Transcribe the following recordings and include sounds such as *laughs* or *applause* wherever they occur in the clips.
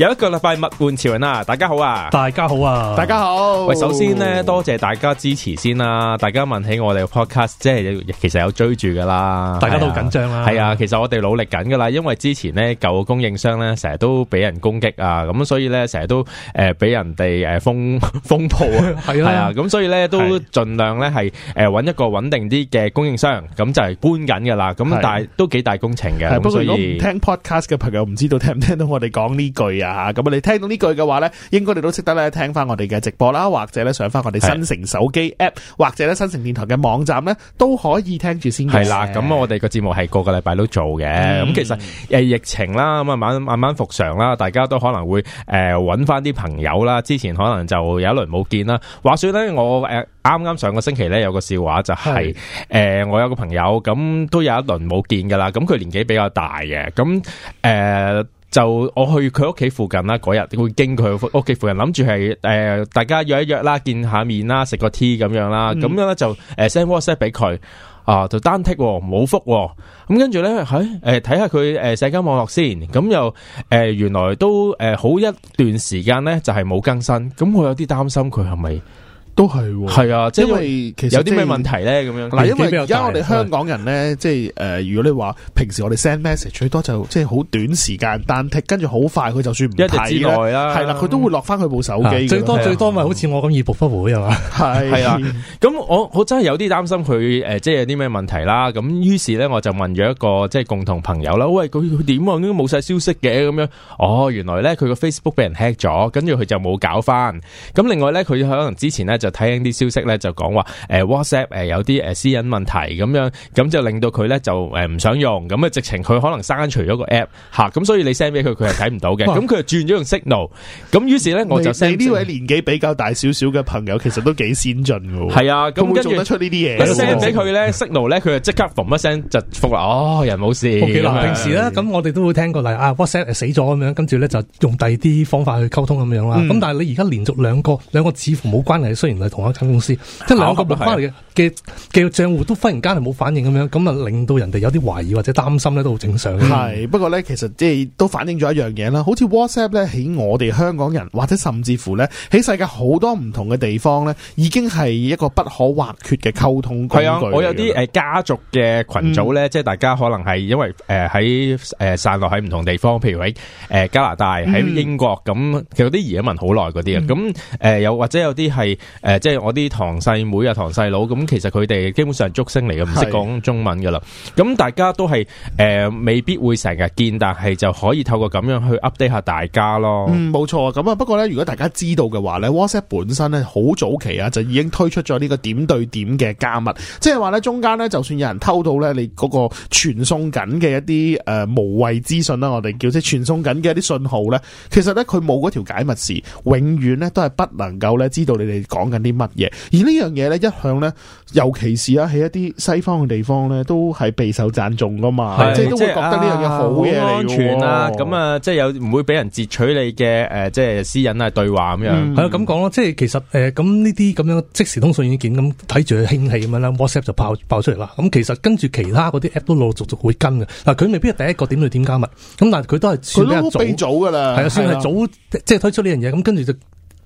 有一個禮拜物玩潮人啦，大家好啊，大家好啊，大家好。喂，首先呢，多謝大家支持先啦。大家問起我哋嘅 podcast，即係其實有追住噶啦，大家都緊張啦。係啊，啊，其實我哋努力緊噶啦，因為之前呢舊供應商咧成日都俾人攻擊啊，咁所以咧成日都誒俾、呃、人哋誒封風，風暴啊，係 *laughs* 啊，咁、啊、所以咧都盡量咧係誒搵一個穩定啲嘅供應商，咁就係搬緊噶啦。咁但係都幾大工程嘅。啊、所以不過如果唔聽 podcast 嘅朋友，唔知道聽唔聽到我哋講呢句啊？啊，咁你聽到呢句嘅話呢，應該你都識得咧，聽翻我哋嘅直播啦，或者咧上翻我哋新城手機 App，的或者咧新城電台嘅網站呢，都可以聽住先。係啦的，咁的我哋個節目係個個禮拜都做嘅。咁、嗯、其實誒疫情啦，慢慢慢慢復常啦，大家都可能會誒揾翻啲朋友啦。之前可能就有一輪冇見啦。話說呢，我誒啱啱上個星期呢，有個笑話就係、是、誒的、呃、我有個朋友咁都有一輪冇見噶啦。咁佢年紀比較大嘅，咁誒。呃就我去佢屋企附近啦，嗰日會經佢屋企附近，諗住係誒大家約一約啦，見下面啦，食個 tea 咁樣啦，咁樣咧就誒 send WhatsApp 俾佢，啊就單剔冇覆，咁跟住咧係誒睇下佢誒社交網絡先，咁又誒原來都誒好一段時間咧就係冇更新，咁我有啲擔心佢係咪？都係喎，係啊，即係其實有啲咩問題咧咁樣？嗱，因為而家我哋香港人咧，即係誒，如果你話平時我哋 send message 最多就即係好短時間，但係跟住好快佢就算唔一日之內啦，係啦，佢都會落翻佢部手機，最多最多咪好似我咁易 book 復活係嘛，係係啊，咁我我真係有啲擔心佢誒，即係有啲咩問題啦？咁於是咧，我就問咗一個即係共同朋友啦，喂，佢佢點啊？冇晒消息嘅咁樣，哦，原來咧佢個 Facebook 俾人 hack 咗，跟住佢就冇搞翻。咁另外咧，佢可能之前咧就。睇緊啲消息咧，就講話誒 WhatsApp 誒有啲誒私隱問題咁樣，咁就令到佢咧就誒唔想用，咁啊直情佢可能刪除咗個 app 吓，咁所以你 send 俾佢佢係睇唔到嘅，咁佢又轉咗用 Signal，咁於是咧我就 send 呢位年紀比較大少少嘅朋友，其實都幾先進嘅，係啊，咁會做得出呢啲嘢。send 俾佢咧 Signal 咧，佢就即刻嘣一聲就覆啦，哦人冇事。咁平時咧，咁我哋都會聽過嚟啊 WhatsApp 死咗咁樣，跟住咧就用第二啲方法去溝通咁樣啦。咁但係你而家連續兩個兩個似乎冇關係，雖然。唔係同一間公司，即係兩個唔同翻嚟嘅嘅嘅賬戶都忽然間係冇反應咁樣，咁啊令到人哋有啲懷疑或者擔心咧，都好正常嘅。係不過咧，其實即係都反映咗一樣嘢啦。好似 WhatsApp 咧，喺我哋香港人，或者甚至乎咧，喺世界好多唔同嘅地方咧，已經係一個不可或缺嘅溝通工具。嗯、我有啲誒家族嘅群組咧，即係大家可能係因為誒喺誒散落喺唔同地方，譬如喺誒加拿大、喺英國咁，有啲、嗯、移民好耐嗰啲啊。咁誒又或者有啲係。誒、呃，即係我啲堂細妹啊、堂細佬，咁其實佢哋基本上係竹升嚟嘅，唔識講中文噶啦。咁是的 大家都係誒、呃，未必會成日見，但係就可以透過咁樣去 update 下大家咯。嗯，冇錯。咁啊，不過咧，如果大家知道嘅話咧，WhatsApp 本身咧好早期啊，就已經推出咗呢個點對點嘅加密，即係話咧中間咧，就算有人偷到咧你嗰個傳送緊嘅一啲誒、呃、無謂資訊啦，我哋叫即傳送緊嘅一啲信號咧，其實咧佢冇嗰條解密匙，永遠咧都係不能夠咧知道你哋講緊啲乜嘢？而呢樣嘢咧，一向咧，尤其是啊喺一啲西方嘅地方咧，都係備受讚重噶嘛。即係都會覺得呢樣嘢好安全啦。咁啊，即係有唔會俾人截取你嘅誒，即係私隱啊對話咁樣。係啊，咁講咯。即係其實誒，咁呢啲咁樣即時通訊軟件咁睇住佢興起咁樣啦 WhatsApp 就爆爆出嚟啦。咁其實跟住其他嗰啲 app 都陸陸續續會跟嘅。嗱，佢未必係第一個點對點加密。咁但係佢都係算比較早嘅啦。係啊，算係早即係推出呢樣嘢。咁跟住就。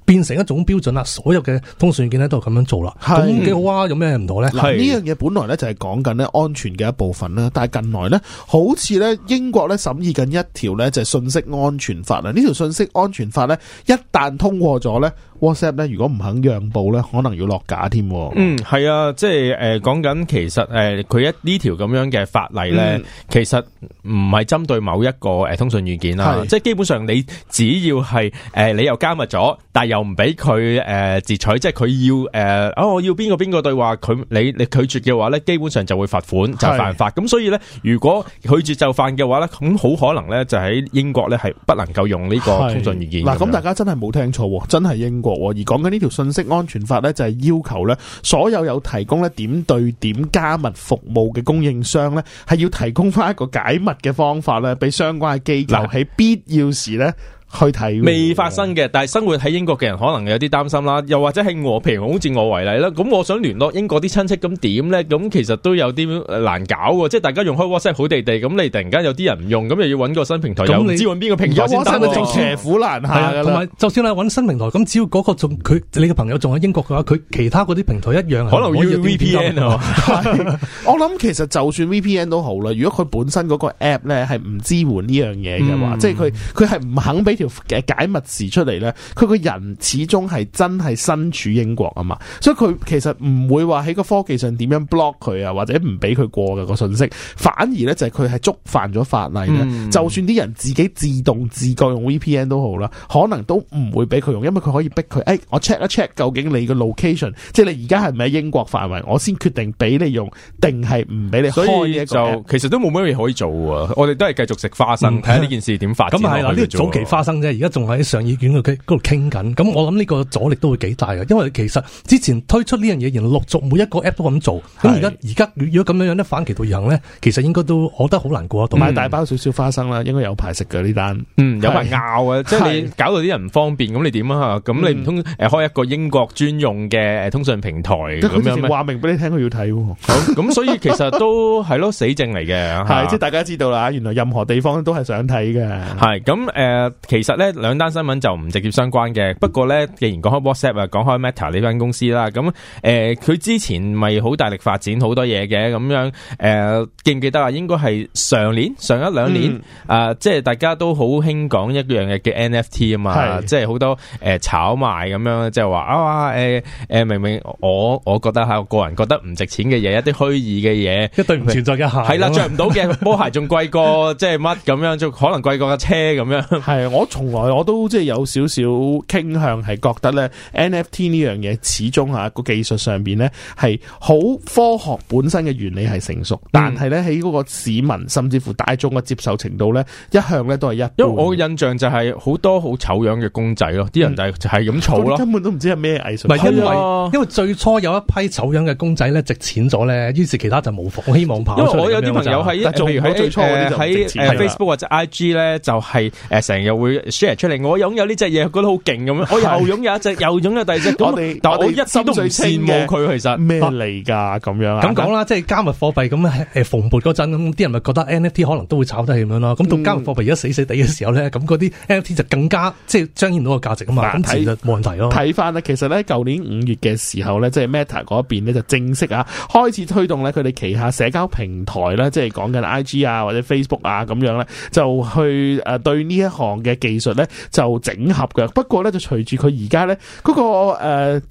變成一種標準啦，所有嘅通訊軟件都係咁樣做啦，咁幾好啊？有咩唔妥咧？嗱是，呢樣嘢本來咧就係講緊咧安全嘅一部分啦，但係近來咧好似咧英國咧審議緊一條咧就係信息安全法啊。呢條信息安全法咧一旦通過咗咧，WhatsApp 咧，如果唔肯讓步咧，可能要落架添。嗯，係啊，即係誒，講緊其實誒，佢一呢條咁樣嘅法例咧，其實唔係針對某一個誒通訊軟件啦。即係是基本上你只要係誒、呃，你又加密咗，但係又唔俾佢誒截取，即係佢要誒，我、呃哦、要邊個邊個對話，佢你你拒絕嘅話咧，基本上就會罰款，就是、犯法。咁是所以咧，如果拒絕就犯嘅話咧，咁好可能咧就喺英國咧係不能夠用呢個通訊軟件。嗱，咁大家真係冇聽錯，真係英國。而講緊呢條信息安全法呢，就係要求呢所有有提供呢點對點加密服務嘅供應商呢，係要提供翻一個解密嘅方法呢俾相關嘅機構喺必要時呢.去睇未發生嘅，但係生活喺英國嘅人可能有啲擔心啦。又或者係我，譬如好似我為例啦，咁我想聯絡英國啲親戚，咁點咧？咁其實都有啲難搞喎。即係大家用開 WhatsApp 好地地，咁你突然間有啲人唔用，咁又要揾個新平台。咁唔你知揾邊個平台先得喎？做騎虎難下。同埋就算你揾新平台，咁只要嗰個仲佢你嘅朋友仲喺英國嘅話，佢其他嗰啲平台一樣可，可能要 VPN *laughs* 。我諗其實就算 VPN 都好啦，如果佢本身嗰個 app 咧係唔支援呢樣嘢嘅話，嗯、即係佢佢係唔肯俾。嘅解密時出嚟咧，佢個人始終係真係身處英國啊嘛，所以佢其實唔會話喺個科技上點樣 block 佢啊，或者唔俾佢過嘅、那個信息，反而咧就係佢係觸犯咗法例嘅。嗯、就算啲人自己自動自覺用 VPN 都好啦，可能都唔會俾佢用，因為佢可以逼佢，誒、哎，我 check 一 check 究竟你個 location，即係你而家係咪喺英國範圍，我先決定俾你用定係唔俾你開就所以就其實都冇乜嘢可以做啊，我哋都係繼續食花生，睇下呢件事點發展。咁係啦，呢早期花生。而家仲喺上議院嘅嗰度傾緊，咁我諗呢個阻力都會幾大嘅，因為其實之前推出呢樣嘢，而陸續每一個 app 都咁做，咁而家而家如果咁樣樣咧反其道而行咧，其實應該都我覺得好難過。同埋、嗯、大包少少花生啦，應該有排食嘅呢單有埋拗啊，是即係你搞到啲人唔方便，咁你點啊？咁你唔通誒開一個英國專用嘅通訊平台咁、嗯、樣咩？話明俾你聽要睇、啊，佢要睇喎。咁所以其實都係咯，死症嚟嘅，係即係大家知道啦，原來任何地方都係想睇嘅，係咁誒。其實咧兩單新聞就唔直接相關嘅，不過咧既然講開 WhatsApp 啊，講開 Meta 呢間公司啦，咁誒佢之前咪好大力發展好多嘢嘅，咁樣誒記唔記得啊？應該係上年上一兩年啊、嗯呃，即係大家都好興講一樣嘅叫 NFT 啊嘛，是即係好多誒、呃、炒賣咁樣，即係話啊誒誒、呃、明明我我覺得吓個人覺得唔值錢嘅嘢，一啲虛擬嘅嘢一對唔存在嘅鞋係啦，著唔到嘅波鞋仲貴過即係乜咁樣，可能貴過架車咁樣。係我。從來我都即係有少少傾向係覺得咧 NFT 呢樣嘢始終吓個技術上面咧係好科學本身嘅原理係成熟，嗯、但係咧喺嗰個市民甚至乎大眾嘅接受程度咧，一向咧都係一。因為我嘅印象就係好多好醜樣嘅公仔咯，啲人就係就咁醜咯，根本都唔知係咩藝術。唔係，因為因為最初有一批醜樣嘅公仔咧值錢咗咧，於是其他就冇。我希望跑，因為我有啲朋友係一，比如喺最初喺、啊、Facebook 或者 IG 咧就係誒成日會。Share 出嚟，我擁有呢隻嘢，覺得好勁咁樣。的我又擁有一隻， *laughs* 又擁有第二隻。咁 *laughs* 但，我但我一心都唔羨慕佢，其實咩嚟㗎？咁樣咁講啦，即係加密貨幣咁誒、呃、蓬勃嗰陣，咁啲人咪覺得 NFT 可能都會炒得咁樣咯。咁到加密貨幣而家死死哋嘅時候咧，咁嗰啲 NFT 就更加即係彰顯到個價值啊嘛。眼前冇問題咯。睇翻咧，其實咧舊年五月嘅時候咧，即係 Meta 嗰邊咧就正式啊開始推動咧，佢哋旗下社交平台咧，即係講緊 IG 啊或者 Facebook 啊咁樣咧，就去誒、呃、對呢一行嘅。技術咧就整合嘅，不過咧就隨住佢而家咧嗰個誒誒、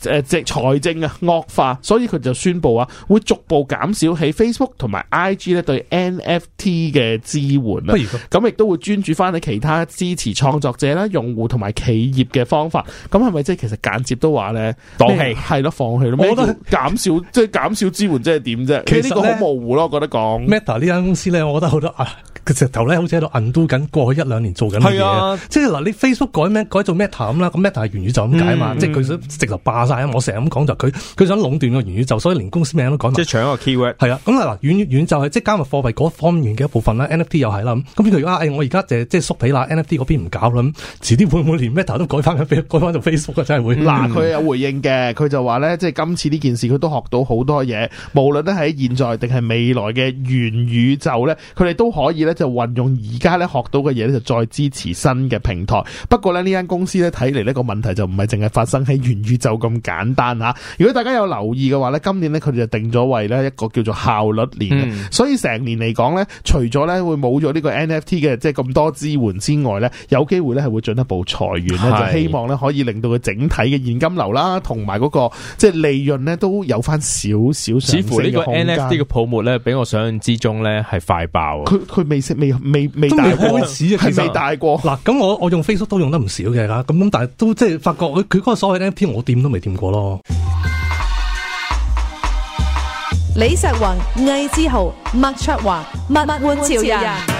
呃、政財政啊惡化，所以佢就宣布啊會逐步減少喺 Facebook 同埋 IG 咧對 NFT 嘅支援啦。咁亦都會專注翻喺其他支持創作者啦、用戶同埋企業嘅方法。咁係咪即係其實間接都話咧當係係咯，麼放棄咯。我覺得減少即係減少支援，即係點啫？其實呢個好模糊咯，我覺得講 Meta 呢間公司咧，我覺得好多啊。 *laughs* 個石頭咧，好似喺度 undo 緊，過去一兩年做緊嘅嘢。啊、即係嗱，你 Facebook 改名改做 Meta 咁啦。咁 Meta 係元宇宙咁解嘛。嗯、即係佢想直頭霸晒。我成日咁講就佢，佢想壟斷個元宇宙，所以連公司名都改。即係搶個 keyword。係啊。咁啊嗱，元元宇宙係即係加密貨幣嗰方面嘅一部分啦。NFT 又係啦。咁譬如話，哎，我而家就即係縮底啦。NFT 嗰邊唔搞啦。咁遲啲會唔會連 Meta 都改翻，改翻做 Facebook？真係會。嗱、嗯，佢 *laughs* 有回應嘅。佢就話咧，即係今次呢件事，佢都學到好多嘢。無論咧喺現在定係未來嘅元宇宙咧，佢哋都可以咧。就運用而家咧學到嘅嘢咧，就再支持新嘅平台。不過咧呢間公司咧睇嚟呢個問題就唔係淨係發生喺元宇宙咁簡單吓。如果大家有留意嘅話咧，今年咧佢哋就定咗為咧一個叫做效率年，所以成年嚟講咧，除咗咧會冇咗呢個 NFT 嘅即係咁多支援之外咧，有機會咧係會進一步裁員咧，就希望咧可以令到佢整體嘅現金流啦，同埋嗰個即係利潤咧都有翻少少。似乎呢個 NFT 嘅泡沫咧，比我想象之中咧係快爆。佢佢未。未未未大未開始啊，未大過。嗱，咁我我用 Facebook 都用得唔少嘅啦，咁咁但係都即係發覺佢佢嗰個所謂 NFT 我掂都未掂過咯。李石宏、魏之豪、麥卓華、麥換潮，潮人。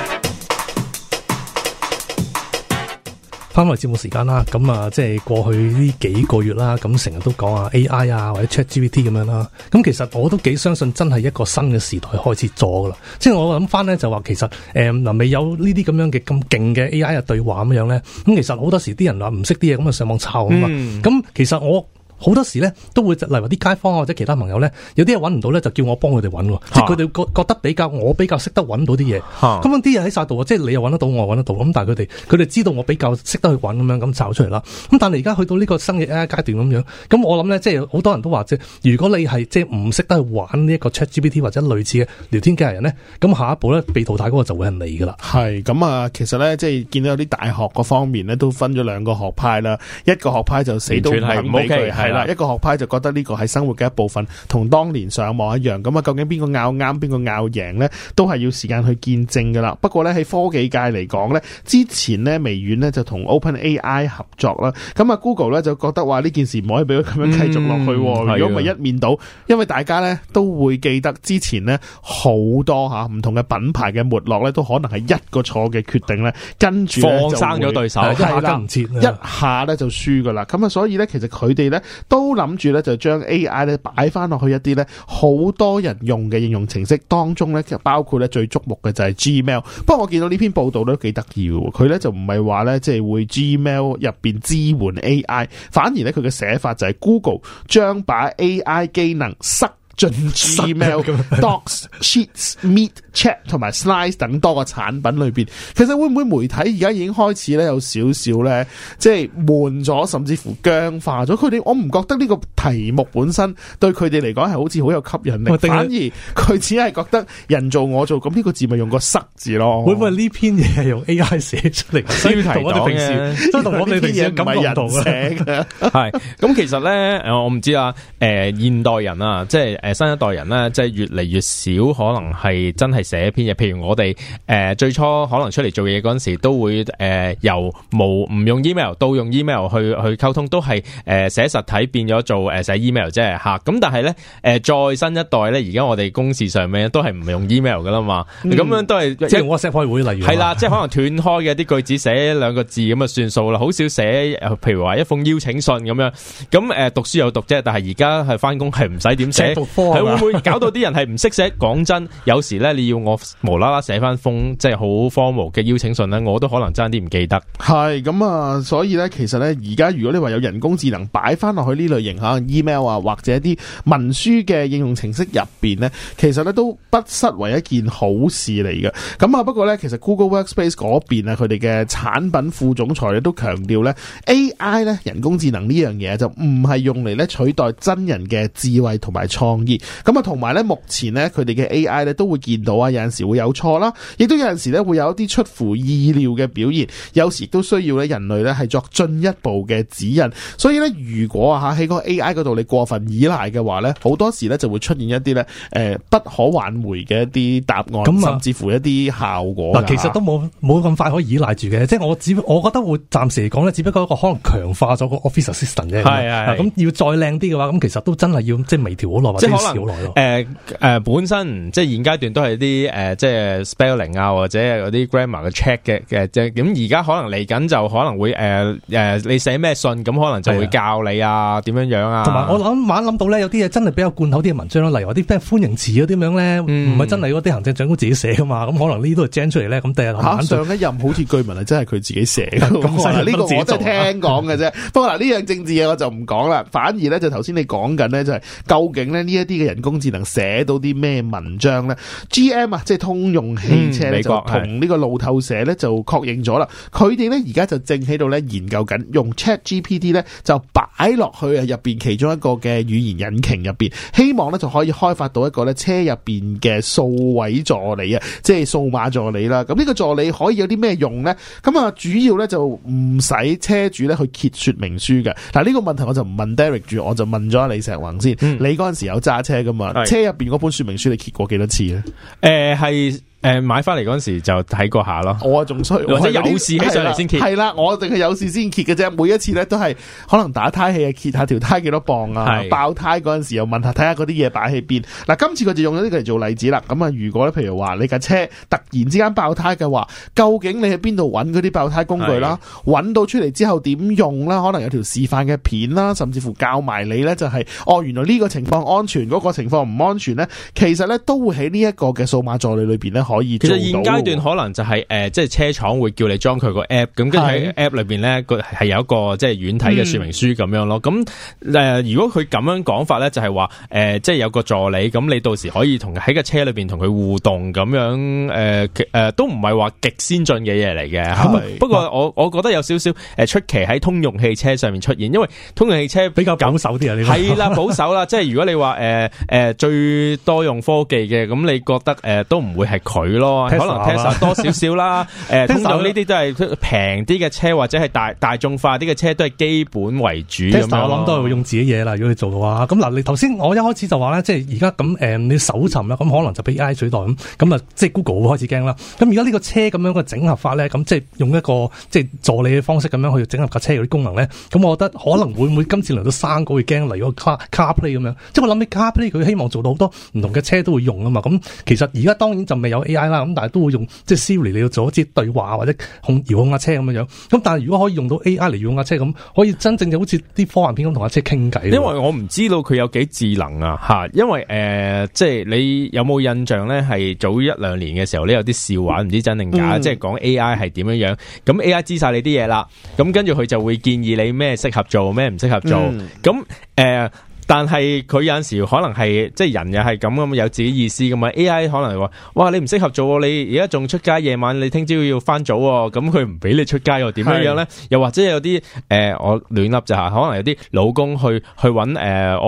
翻嚟節目時間啦，咁啊，即係過去呢幾個月啦，咁成日都講、AI、啊 AI 啊，或者 ChatGPT 咁樣啦，咁其實我都幾相信真係一個新嘅時代開始咗噶啦，即係我諗翻咧就話其實誒嗱未有呢啲咁樣嘅咁勁嘅 AI 嘅對話咁樣咧，咁其實好多時啲人話唔識啲嘢，咁啊上網抄啊嘛，咁、嗯、其實我。好多時咧都會，例如啲街坊啊或者其他朋友咧，有啲嘢揾唔到咧，就叫我幫佢哋揾喎，啊、即係佢哋覺覺得比較我比較識得揾到啲嘢，咁樣啲人喺晒度，即係你又揾得到，我又揾得到，咁但係佢哋佢哋知道我比較識得去揾咁樣咁找出嚟啦。咁但係而家去到呢個新嘅階段咁樣，咁我諗咧，即係好多人都話，即係如果你係即係唔識得去玩呢一個 Chat GPT 或者類似嘅聊天機械人咧，咁下一步咧被淘汰嗰個就會係你㗎啦。係咁啊，其實咧即係見到有啲大學嗰方面咧都分咗兩個學派啦，一個學派就死都唔肯一個學派就覺得呢個係生活嘅一部分，同當年上網一樣。咁啊，究竟邊個拗啱，邊個拗贏呢？都係要時間去見證噶啦。不過呢，喺科技界嚟講呢，之前呢，微軟呢就同 OpenAI 合作啦。咁啊 Google 呢，就覺得話呢件事唔可以俾佢咁樣繼續落去。如果咪一面倒，因為大家呢都會記得之前呢，好多吓唔同嘅品牌嘅沒落呢，都可能係一個錯嘅決定呢。跟住放生咗對手，一下跟唔切，一下呢就輸噶啦。咁啊，所以呢，其實佢哋呢。都諗住咧就將 A I 咧擺翻落去一啲咧好多人用嘅應用程式當中咧，其實包括咧最矚目嘅就係 Gmail。不過我見到呢篇報道咧都幾得意喎，佢咧就唔係話咧即係會 Gmail 入邊支援 A I，反而咧佢嘅寫法就係 Google 將把 A I 技能塞。進 email、docs、sheets、meet、chat 同埋 slides 等多個產品裏邊，其實會唔會媒體而家已經開始咧有少少咧，即係悶咗，甚至乎僵化咗？佢哋我唔覺得呢個題目本身對佢哋嚟講係好似好有吸引力，是反而佢只係覺得人做我做，咁、這、呢個字咪用個塞字咯？會唔會呢篇嘢係用 AI 寫出嚟？所以同我哋平時即係同我哋啲嘢唔係人寫嘅。係 *laughs* 咁寫、 *laughs* 嗯，其實咧，我唔知啊。誒、呃，現代人啊，即係。誒，新一代人啦，即係越嚟越少可能係真係寫一篇嘢。譬如我哋誒、呃、最初可能出嚟做嘢嗰陣時，都會誒、呃、由冇唔用 email 到用 email 去去溝通，都係誒寫實體變咗做誒寫 email 啫。吓、啊，咁但係咧誒再新一代咧，而家我哋公事上面都係唔用 email 噶啦嘛，咁、嗯、樣都係即係 WhatsApp 開會，例如係啦，即係可能斷開嘅啲句子寫兩個字咁啊 *laughs* 算數啦，好少寫，譬如話一封邀請信咁樣。咁誒、呃、讀書有讀啫，但係而家係翻工係唔使點寫。係會唔會搞到啲人係唔識寫？講 *laughs* 真，有時咧，你要我無啦啦寫翻封即係好荒謬嘅邀請信咧，我都可能爭啲唔記得。係咁啊，所以咧，其實咧，而家如果你話有人工智能擺翻落去呢類型吓 email 啊，或者啲文書嘅應用程式入邊咧，其實咧都不失為一件好事嚟嘅。咁啊，不過咧，其實 Google Workspace 嗰邊啊，佢哋嘅產品副總裁咧都強調咧，AI 咧人工智能呢樣嘢就唔係用嚟咧取代真人嘅智慧同埋創。咁啊，同埋咧，目前咧，佢哋嘅 A.I. 咧都會見到啊，有陣時會有錯啦，亦都有陣時咧會有一啲出乎意料嘅表現，有時都需要咧人類咧係作進一步嘅指引。所以咧，如果啊嚇喺個 A.I. 嗰度你過分依賴嘅話咧，好多時咧就會出現一啲咧誒不可挽回嘅一啲答案，麼甚至乎一啲效果。嗱，其實都冇冇咁快可以依賴住嘅，即係我只，我覺得會暫時嚟講咧，只不過一個可能強化咗個 office assi 是 stant 啫。係係。咁要再靚啲嘅話，咁其實都真係要即係微調好耐。可能誒誒、呃呃呃、本身即係現階段都係啲誒即係 spelling 啊或者有啲 grammar 嘅 check 嘅嘅即、呃、咁而家可能嚟緊就可能會誒誒、呃呃、你寫咩信咁可能就會教你啊點樣樣啊。同埋我諗晚諗到咧，有啲嘢真係比較罐頭啲嘅文章咯，例如有啲咩歡迎詞嗰啲咁樣咧，唔係、嗯、真係嗰啲行政長官自己寫噶嘛，咁可能呢啲都係 gen 出嚟咧，咁第日晚上一任好似據聞係真係佢自己寫嘅，咁呢 *laughs* 個我都係聽講嘅啫。不過嗱呢樣政治嘢我就唔講啦，反而咧就頭先你講緊咧就係究竟咧呢一啲嘅人工智能寫到啲咩文章呢 g m 啊，GM，即係通用汽車嚟、嗯、就同呢個路透社呢就確認咗啦。佢哋呢而家就正喺度呢研究緊，用 ChatGPT 呢就擺落去啊入邊其中一個嘅語言引擎入邊，希望呢就可以開發到一個呢車入邊嘅數位助理啊，即係數碼助理啦。咁呢個助理可以有啲咩用呢？咁啊，主要呢就唔使車主呢去揭說明書嘅。嗱，呢個問題我就唔問 Derek 住，我就問咗李石宏先。嗯、你嗰陣時有架車噶嘛，車入邊嗰本說明書你揭過幾多次咧？誒是，係、欸。誒，買翻嚟嗰時就睇過下咯。我仲衰，或者有事起上嚟先揭。係啦，我淨係有事先揭嘅啫。每一次咧都係可能打胎氣啊，揭下條胎幾多磅啊。是的 爆胎嗰陣時又問下，睇下嗰啲嘢擺喺邊。嗱、啊，今次佢就用咗呢個嚟做例子啦。咁啊，如果咧，譬如話你架車突然之間爆胎嘅話，究竟你喺邊度揾嗰啲爆胎工具啦？揾是的 到出嚟之後點用啦？可能有條示範嘅片啦，甚至乎教埋你咧就係、是、哦，原來呢個情況安全，嗰、那個情況唔安全咧。其實咧都會喺呢一個嘅數碼助理裏邊咧。可以做到其實現階段可能就係、是、誒，即、呃、係車廠會叫你裝佢個 app，咁跟住喺 app 裏邊咧，個係有一個即係軟體嘅說明書咁樣咯。咁誒、嗯呃，如果佢咁樣講法咧，就係話誒，即係有個助理，咁你到時可以同喺個車裏邊同佢互動咁樣。誒、呃、誒、呃，都唔係話極先進嘅嘢嚟嘅。嗎不過我我覺得有少少誒出奇喺通用汽車上面出現，因為通用汽車比較保守啲啊。呢個係啦，保守啦， *laughs* 即係如果你話誒誒最多用科技嘅，咁你覺得誒、呃、都唔會係佢咯，可能 Tesla、啊、 多少少啦，誒， *laughs* 通常呢啲都係平啲嘅車或者係大大眾化啲嘅車都係基本為主。T ester 樣我諗都係會用自己嘢啦，如果你做嘅話。咁嗱，你頭先我一開始就話咧，即係而家咁，誒、嗯，你搜尋呀，咁可能就俾 AI 取代咁，咁啊，即係 Google 會開始驚啦。咁而家呢個車咁樣嘅整合法咧，咁即係用一個即係、就是、助理嘅方式咁樣去整合架車嗰啲功能咧，咁我覺得可能會唔會 *laughs* 今次嚟到三個會驚，例如個 Car, CarPlay 咁樣。即係我諗起 CarPlay，佢希望做到好多唔同嘅車都會用啊嘛。咁其實而家當然就未有、a。啦，咁但係都會用即係 Siri 嚟做一啲對話或者控遙控架車咁樣樣，咁但係如果可以用到 A.I. 嚟遙控架車咁，可以真正就好似啲科幻片咁同架車傾偈。因為我唔知道佢有幾智能啊，吓，因為誒、呃，即係你有冇印象咧？係早一兩年嘅時候咧，有啲笑話唔、嗯、知道真定假，嗯、即係講 A.I. 係點樣樣，咁 A.I. 知晒你啲嘢啦，咁跟住佢就會建議你咩適合做，咩唔適合做，咁誒、嗯。呃但係佢有陣時可能係即係人又係咁咁有自己意思，咁 AI 可能話：，哇，你唔適合做，你而家仲出街，夜晚你聽朝要翻早，咁佢唔俾你出街又點樣樣咧？是的 又或者有啲誒、呃，我亂笠就係可能有啲老公去去搵誒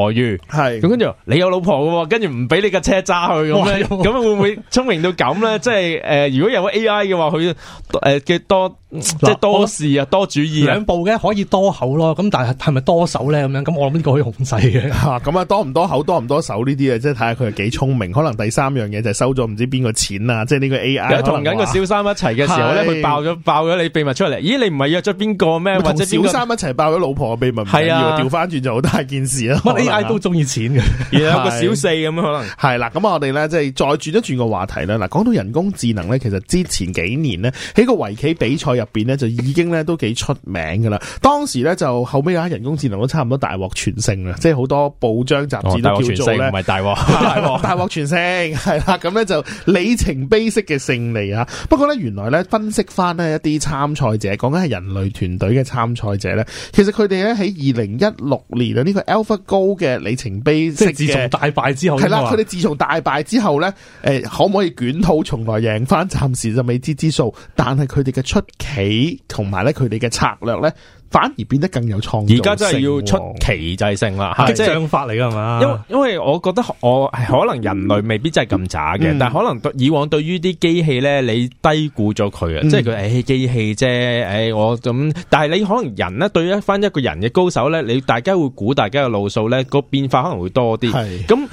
外遇，係咁跟住你有老婆嘅，跟住唔俾你架車揸去咁咁會唔會聰明到咁咧？ *laughs* 即係誒、呃，如果有個 AI 嘅話，佢誒嘅多。呃多即係多事啊，多主意、啊，兩步嘅可以多口咯，咁但係係咪多手咧？咁樣咁我諗呢個可以控制嘅、啊，咁啊多唔多口，多唔多手呢啲啊？即係睇下佢係幾聰明，可能第三樣嘢就係收咗唔知邊個錢啊！即係呢個 AI 同緊個小三一齊嘅時候咧，佢的爆咗爆咗你秘密出嚟。咦？你唔係約咗邊個咩？或者小三一齊爆咗老婆嘅秘密唔要，調翻轉就好大件事啦。麼 AI、啊、都中意錢嘅，的有個小四咁樣可能係啦。咁我哋咧即係再轉一轉個話題啦。嗱，講到人工智能咧，其實之前幾年呢，喺個圍棋比賽入邊就已經咧都幾出名噶啦，當時咧就後尾啊人工智能都差唔多大獲全勝啦，即係好多報章雜誌都叫做唔係、哦、大獲大獲全勝係啦，咁咧 *laughs* 就里程碑式嘅勝利啊！不過咧原來咧分析翻呢一啲參賽者，講緊係人類團隊嘅參賽者咧，其實佢哋咧喺二零一六年啊呢、這個 AlphaGo 嘅里程碑式從大敗之後係啦，佢哋自從大敗之後咧，誒的、呃、可唔可以捲土重來贏翻？暫時就未知之數，但係佢哋嘅出起同埋咧，佢哋嘅策略咧，反而變得更有創意。而家真係要出奇制勝啦，即係章法嚟噶嘛？因為因為我覺得我係可能人類未必真係咁渣嘅，嗯、但係可能以往對於啲機器咧，你低估咗佢啊，嗯、即係佢誒機器啫，誒、欸、我咁。但係你可能人咧對一翻一個人嘅高手咧，你大家會估大家嘅路數咧，個變化可能會多啲。係咁是。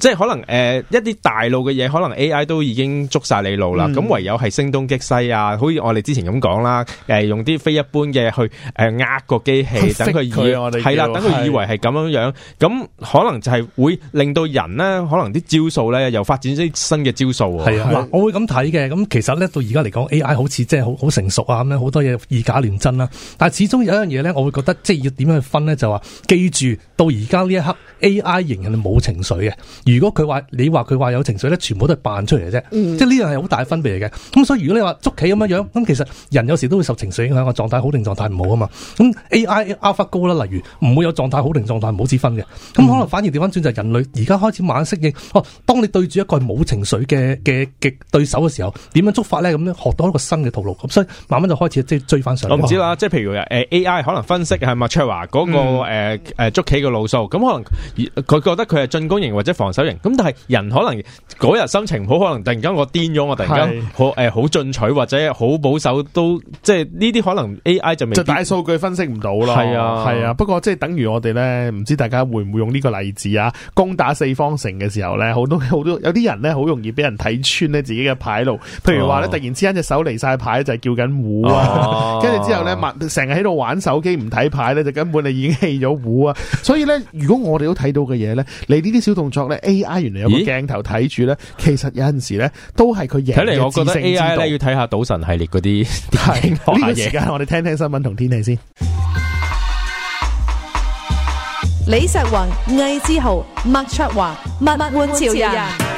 即係可能誒、呃、一啲大路嘅嘢，可能 A.I. 都已經捉晒你路啦。咁、嗯、唯有係聲東擊西啊，好似我哋之前咁講啦。誒、呃、用啲非一般嘅去誒呃、呃、個機器，等佢以為係啦，等佢以為係咁樣樣。咁是 可能就係會令到人呢，可能啲招數咧又發展啲新嘅招數喎、啊。啊，嗱、啊，啊、我會咁睇嘅。咁其實咧到而家嚟講，A.I. 好似即係好好成熟啊，咁樣好多嘢以假亂真啦、啊。但係始終有一樣嘢咧，我會覺得即係要點樣去分咧，就話記住到而家呢一刻，A.I. 仍然係冇情緒嘅。如果佢話你話佢話有情緒咧，全部都係扮出嚟嘅啫，嗯、即係呢樣係好大分別嚟嘅。咁所以如果你話捉棋咁樣樣，咁其實人有時都會受情緒影響個狀態，好定狀態唔好啊嘛。咁 A I AlphaGo 啦，例如唔會有狀態好定狀態唔好之分嘅。咁可能反而調翻轉就係人類而家開始慢慢適應。當你對住一個冇情緒嘅嘅極對手嘅時候，點樣捉法咧？咁樣學到一個新嘅套路。咁所以慢慢就開始追、哦、即追翻上。我唔知啦，即係譬如 A I 可能分析 Matt 係麥卓華嗰個誒誒捉棋嘅路數，咁、嗯、可能佢覺得佢係進攻型或者防身。咁但係人可能嗰日心情好，可能突然間我癲咗，我突然間好誒好進取或者好保守，都即係呢啲可能 A I 就未就大數據分析唔到咯。係啊係啊，不過即係等於我哋咧，唔知大家會唔會用呢個例子啊，攻打四方城嘅時候咧，好多好多有啲人咧，好容易俾人睇穿咧自己嘅牌路。譬如話咧，突然之間隻手離晒牌就係叫緊胡啊，跟住之後咧，成日喺度玩手機唔睇牌咧，就根本你已經棄咗胡啊。所以咧，如果我哋都睇到嘅嘢咧，你呢啲小動作咧。A.I. 原來有個鏡頭睇住咧，咦其實有陣時咧都係佢贏。睇嚟我覺得 A.I. 咧要睇下賭神系列嗰啲電影。呢段對、嗯這個、時間我哋聽聽新聞同天氣先。李石雲、魏之豪、麥卓華、麥麥歡、潮人。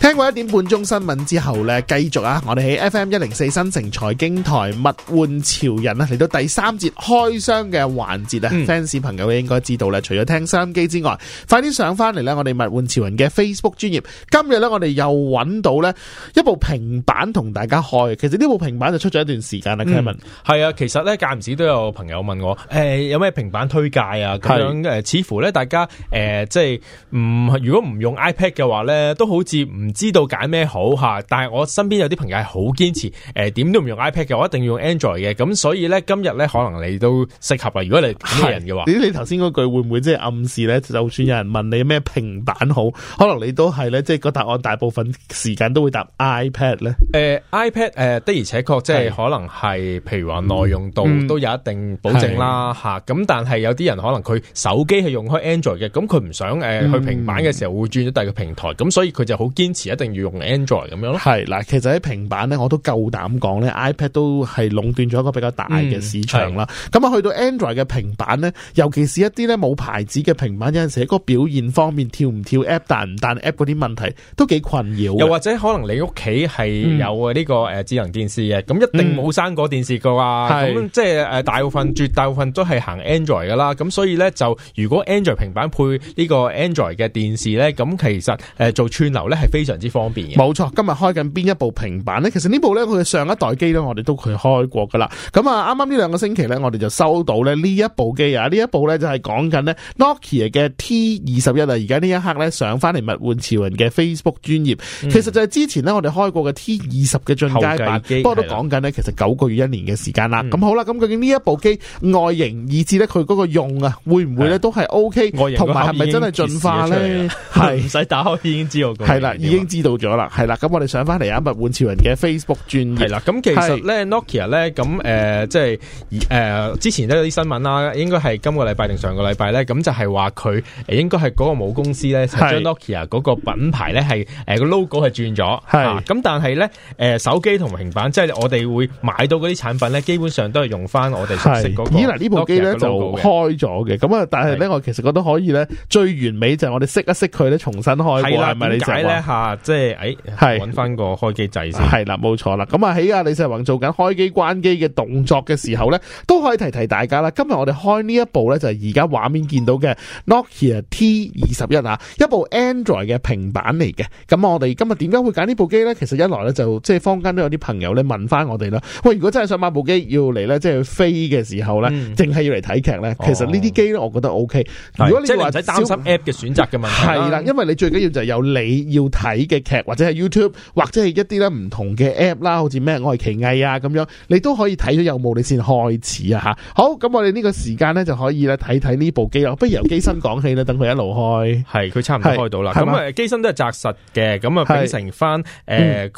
聽過一點半鐘新聞之後咧，繼續啊！我哋喺 F M 一零四新城財經台《物玩潮人》啊，嚟到第三節開箱嘅環節啊！fans 朋友應該知道啦，除咗聽收音機之外，快啲上返嚟咧！我哋《物玩潮人》嘅 Facebook 專頁，今日咧我哋又揾到咧一部平板同大家開。其實呢部平板就出咗一段時間啦，Kevin。係、嗯、問啊，其實咧間唔時都有朋友問我，誒、欸，有咩平板推介啊？咁樣誒是、呃，似乎咧大家誒、呃，即係唔，如果唔用 iPad 嘅話咧，都好似唔。唔知道揀咩好吓，但係我身邊有啲朋友係好堅持，誒、呃、點都唔用 iPad 嘅，我一定要用 Android 嘅。咁所以咧，今日咧可能你都適合啊。如果你呢人嘅話，你頭先嗰句會唔會即係暗示咧？就算有人問你咩平板好，可能你都係咧，即係個答案大部分時間都會答呢、呃、iPad 咧、呃。誒，iPad 誒的而且確即係可能係，譬如話內容度、嗯、都有一定保證啦吓。咁的但係有啲人可能佢手機係用開 Android 嘅，咁佢唔想誒、呃嗯、去平板嘅時候會轉咗第二個平台，咁所以佢就好堅持。一定要用 Android 咁樣咯，係嗱，其實喺平板咧，我都夠膽講咧，iPad 都係壟斷咗一個比較大嘅市場啦。咁啊、嗯，的去到 Android 嘅平板咧，尤其是一啲咧冇牌子嘅平板，有陣時喺個表現方面跳唔跳 App、彈唔彈 App 嗰啲問題都幾困擾。又或者可能你屋企係有啊呢個誒智能電視嘅，咁、嗯、一定冇生果電視嘅話，咁、嗯、即係誒大部分絕大部分都係行 Android 嘅啦。咁所以咧就如果 Android 平板配呢個 Android 嘅電視咧，咁其實誒做串流咧係非常常之方便，冇錯。今日開緊邊一部平板呢？其實呢部呢，佢嘅上一代機呢，我哋都佢開過噶啦。咁啊，啱啱呢兩個星期呢，我哋就收到呢一部機啊，呢一部呢，就係講緊呢 Nokia、ok、嘅 T 二十一啊。而家呢一刻呢，上翻嚟物玩潮人嘅 Facebook 專頁。嗯、其實就係之前呢，我哋開過嘅 T 二十嘅進階版機，不過都講緊呢，其實九個月一年嘅時間啦。咁、嗯、好啦，咁究竟呢一部機外、OK，外形以至呢，佢嗰個用啊，會唔會呢？都係 O K？同埋係咪真係進化呢？係唔使打開已經知道。係啦。已經知道咗啦，係啦，咁我哋上翻嚟物玩潮人嘅 Facebook 專頁啦，咁其實咧是 Nokia 咧咁誒，即係誒、呃，之前都有啲新聞啦，應該係今個禮拜定上個禮拜咧，咁就係話佢應該係嗰個母公司咧，將 Nokia 嗰個品牌咧係誒個 logo 係轉咗，係咁、呃是啊、但係咧誒手機同平板，即係我哋會買到嗰啲產品咧，基本上都係用翻我哋識嗰個、ok。咦嗱，呢部機咧就開咗嘅，咁啊，但係咧我其實覺得可以咧，最完美就係我哋識一識佢咧，重新開係啦，點解咧吓？即係誒，係揾翻個開機掣先，係啦，冇錯啦。咁啊，喺阿李世宏做緊開機關機嘅動作嘅時候咧，都可以提提大家啦。今日我哋開呢一部咧，就係而家畫面見到嘅 Nokia、ok、T 二十一啊，一部 Android 嘅平板嚟嘅。咁我哋今日點解會揀呢部機咧？其實一來咧就即係、就是、坊間都有啲朋友咧問翻我哋啦。喂，如果真係想買部機要嚟咧，即係飛嘅時候咧，淨係、嗯、要嚟睇劇咧，哦、其實呢啲機咧，我覺得 O、OK, K 的。如果你唔使擔心 App 嘅選擇嘅問題，啊。係啦，因為你最緊要就係有你要睇。嘅劇或者係 YouTube 或者係一啲咧唔同嘅 App 啦，好似咩愛奇藝啊咁樣，你都可以睇到有冇你先開始啊吓。好，咁我哋呢個時間咧就可以咧睇睇呢部機啦。不如由機身講起呢，等佢 *laughs* 一路開。係，佢差唔多開到啦。咁啊，機身都係扎實嘅。咁啊，變成翻誒，佢、呃嗯、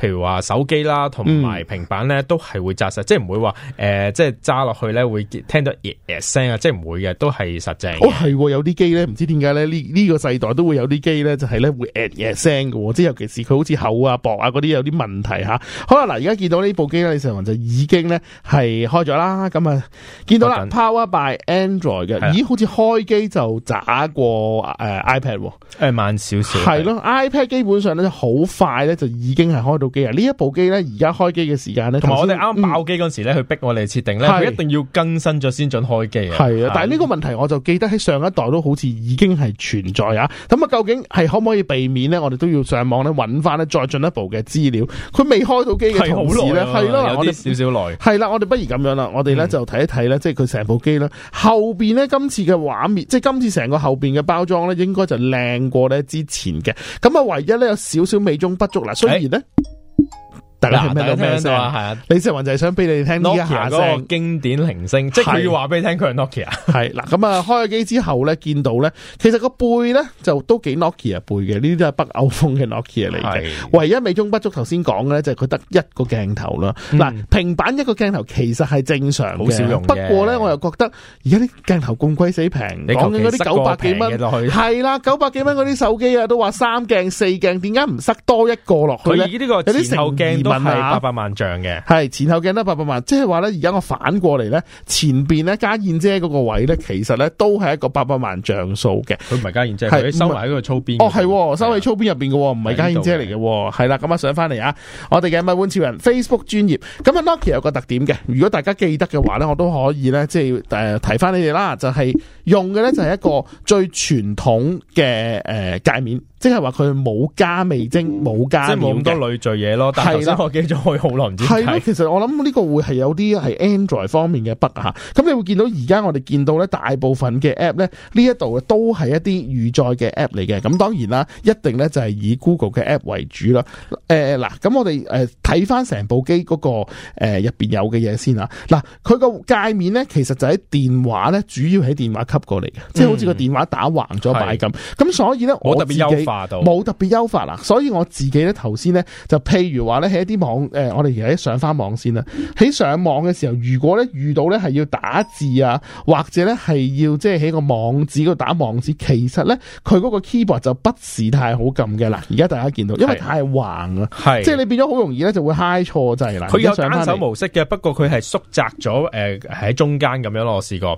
譬如話手機啦，同埋平板咧，都係會扎實、嗯即會呃，即係唔會話誒，即係揸落去咧會聽到 at 嘅聲啊，即係唔會嘅，都係實正。哦，係有啲機咧，唔知點解咧呢呢、這個世代都會有啲機咧，就係、是、咧會 at 嘅即係尤其是佢好似厚啊、薄啊嗰啲有啲問題吓。好啦，嗱，而家見到這部機呢部機咧，李成文就已經咧係開咗啦。咁啊，見到啦，Power by Android 嘅，的咦，好似開機就差過誒、呃、iPad，誒慢少少。係咯的，iPad 基本上咧好快咧就已經係開到機啊。呢一部機咧而家開機嘅時間咧，同埋我哋啱爆機嗰時咧，佢、嗯、逼我哋設定咧，佢的一定要更新咗先准開機啊。係啊的，但係呢個問題我就記得喺上一代都好似已經係存在啊。咁啊，究竟係可唔可以避免咧？我哋。都要上網咧，搵翻咧，再進一步嘅資料。佢未開到機嘅同時咧，係咯，啦有啲少少耐。係啦，我哋不如咁樣啦，我哋咧、嗯、就睇一睇咧，即係佢成部機啦。後邊咧，今次嘅畫面，即係今次成個後邊嘅包裝咧，應該就靚過咧之前嘅。咁啊，唯一咧有少少美中不足啦，欸、雖然咧。大家聽咩聲啊？係啊，李世宏就係想俾你哋聽而家嗰個經典鈴聲，即係佢要話俾你聽佢係 Nokia。係嗱，咁啊，開咗機之後咧，見到咧，其實個背咧就都幾 Nokia 背嘅，呢啲都係北歐風嘅 Nokia 嚟嘅。唯一美中不足，頭先講嘅咧就係佢得一個鏡頭咯。嗱，平板一個鏡頭其實係正常，好少用嘅。不過咧，我又覺得而家啲鏡頭咁鬼死平，講緊嗰啲九百幾蚊落去係啦，九百幾蚊嗰啲手機啊，都話三鏡四鏡，點解唔塞多一個落去咧？有啲成鏡都～係八百萬像嘅，係前後鏡咧八百萬，即係話咧而家我反過嚟咧，前邊咧家燕姐嗰個位咧，其實咧都係一個八百萬像素嘅，佢唔係家燕姐，佢收埋喺個粗邊。哦，係的收喺粗邊入邊嘅，唔係家燕姐嚟嘅，係啦的。咁啊、嗯，上翻嚟啊，我哋嘅物玩潮人的 Facebook 專頁。咁啊，Nokia 有個特點嘅，如果大家記得嘅話咧，我都可以咧，即係誒、呃、提翻你哋啦，就係、是、用嘅咧就係、是、一個最傳統嘅誒、呃、界面。即係話佢冇加味精，冇加即係冇咁多累贅嘢咯。係係，我記咗去好耐，唔知係其實我諗呢個會係有啲係 Android 方面嘅 bug、啊。吓。咁你會見到而家我哋見到咧，大部分嘅 App 咧呢一度都係一啲預載嘅 App 嚟嘅。咁當然啦，一定咧就係以 Google 嘅 App 為主啦。誒、啊、嗱，咁我哋誒睇翻成部機嗰、嗰個誒入邊有嘅嘢先啦嗱，佢個界面咧其實就喺電話咧，主要喺電話吸過嚟嘅，嗯、即係好似個電話打橫咗擺咁。咁是所以咧，我特別冇特別優化啦，所以我自己咧頭先咧就譬如話咧喺一啲網、呃、我哋而家上翻網先啦。喺上網嘅時候，如果咧遇到咧係要打字啊，或者咧係要即係喺個網址嗰度打網址，其實咧佢嗰個 keyboard 就不是太好撳嘅啦。而家大家見到，因為太橫啦，是即係你變咗好容易咧就會嗨錯掣啦。佢、就是、有單手模式嘅，嗯、不過佢係縮窄咗喺中間咁樣咯。我試過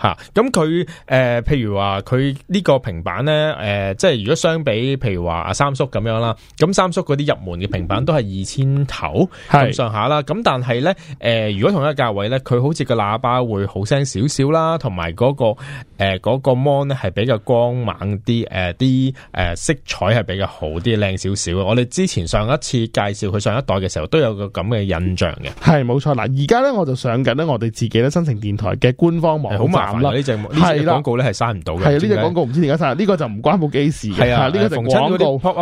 咁佢、啊呃、譬如話佢呢個平板咧、呃、即係如果相比。俾譬如話阿三叔咁樣啦，咁三叔嗰啲入門嘅平板都係二千頭咁是上下啦，咁但係咧，誒、呃、如果同一個價位咧，佢好似個喇叭會好聲少少啦，同埋嗰個誒嗰、呃那個 mon 咧係比較光猛啲，誒啲誒色彩係比較好啲，靚少少。我哋之前上一次介紹佢上一代嘅時候都有個咁嘅印象嘅。係冇錯，嗱而家咧我就上緊咧我哋自己咧新城電台嘅官方網站啦。係呢隻廣告咧係刪唔到嘅。呢隻廣告唔知點解刪，呢、啊、個就唔關部機事係啊。呢個廣告 pop up 種廣告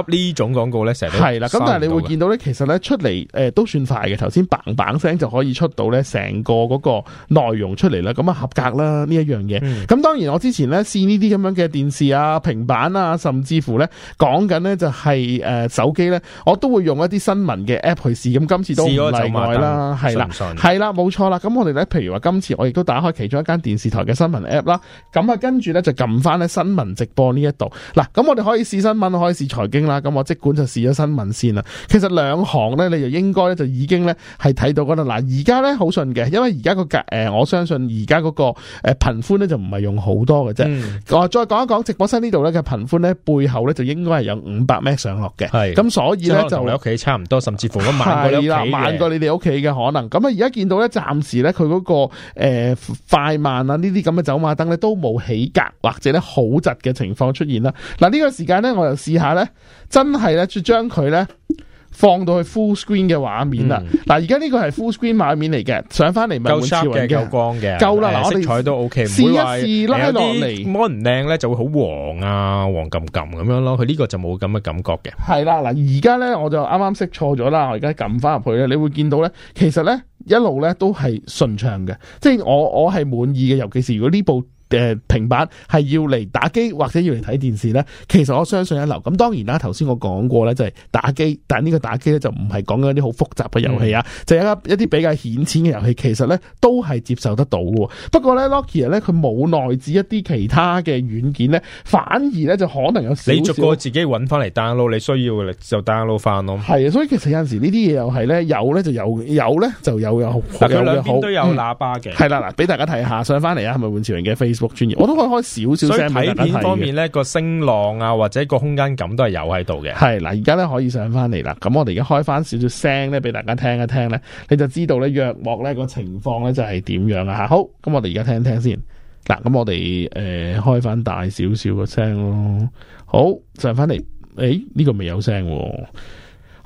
呢種廣告咧，成日係啦。咁但係你會見到咧，其實咧出嚟都算快嘅。頭先 b a 聲就可以出到咧，成個嗰個內容出嚟啦。咁啊合格啦，呢一樣嘢。咁、嗯、當然我之前咧試呢啲咁樣嘅電視啊、平板啊，甚至乎咧講緊咧就係手機咧，我都會用一啲新聞嘅 app 去試。咁今次都例外啦，係啦，係啦，冇錯啦。咁我哋咧，譬如話今次我亦都打開其中一間電視台嘅新聞 app 啦。咁啊跟住咧就撳翻咧新聞直播呢一度嗱。咁我哋可以試。新聞開始財財經啦，咁我即管就試咗新聞先啦。其實兩行咧，你就應該咧就已經咧係睇到嗰度。嗱，而家咧好順嘅，因為而家個格我相信而家嗰個頻頻寬咧就唔係用好多嘅啫。我、嗯、再講一講直播室呢度咧嘅頻寬咧，背後咧就應該係有五百 m 上落嘅。係咁是，所以咧就你屋企差唔多，甚至乎咁慢過你哋屋企嘅可能。咁啊呢，而家見到咧，暫時咧佢嗰個快慢啊，呢啲咁嘅走馬燈咧都冇起格或者咧好窒嘅情況出現啦。嗱，呢個時間咧。我又試下咧，真係咧，就將佢咧放到去 full screen 嘅畫面啦。嗱、嗯，而家呢個係 full screen 畫面嚟嘅，上翻嚟咪滿視野，夠光嘅，夠啦了。嗯、色彩都 OK，唔會話有啲唔靚咧，就會好黃啊，黃咁咁咁樣咯。佢呢個就冇咁嘅感覺嘅。係啦，嗱，而家咧我就啱啱識錯咗啦，我而家撳翻入去咧，你會見到咧，其實咧一路咧都係順暢嘅，即係我我係滿意嘅，尤其是如果呢部。誒平板係要嚟打機或者要嚟睇電視咧，其實我相信一流。咁當然啦，頭先我講過咧，就係、是、打機，但呢個打機咧就唔係講緊啲好複雜嘅遊戲啊，嗯、就係一啲比較顯淺嘅遊戲，其實咧都係接受得到喎。不過呢 Nokia 咧佢冇內置一啲其他嘅軟件咧，反而咧就可能有少少你逐個自己揾翻嚟 download，你需要嘅就 download 翻咯。係啊，所以其實有陣時呢啲嘢又係咧有咧就有，有咧就有有。佢兩邊都有喇叭嘅。係、嗯、啦，嗱，俾大家睇下上翻嚟啊，係咪物玩潮人嘅 Facebook？專業，我都可以開少少聲，所以睇片方面咧個聲浪啊，或者個空間感都係有喺度嘅。係，嗱，而家咧可以上翻嚟啦。咁我哋而家開翻少少聲咧，俾大家聽一聽咧，你就知道咧約莫咧個情況咧就係點樣啦吓，好，咁我哋而家聽一聽先。嗱，咁我哋誒開翻大少少個聲咯。好，上翻嚟，誒、欸、呢、這個未有聲。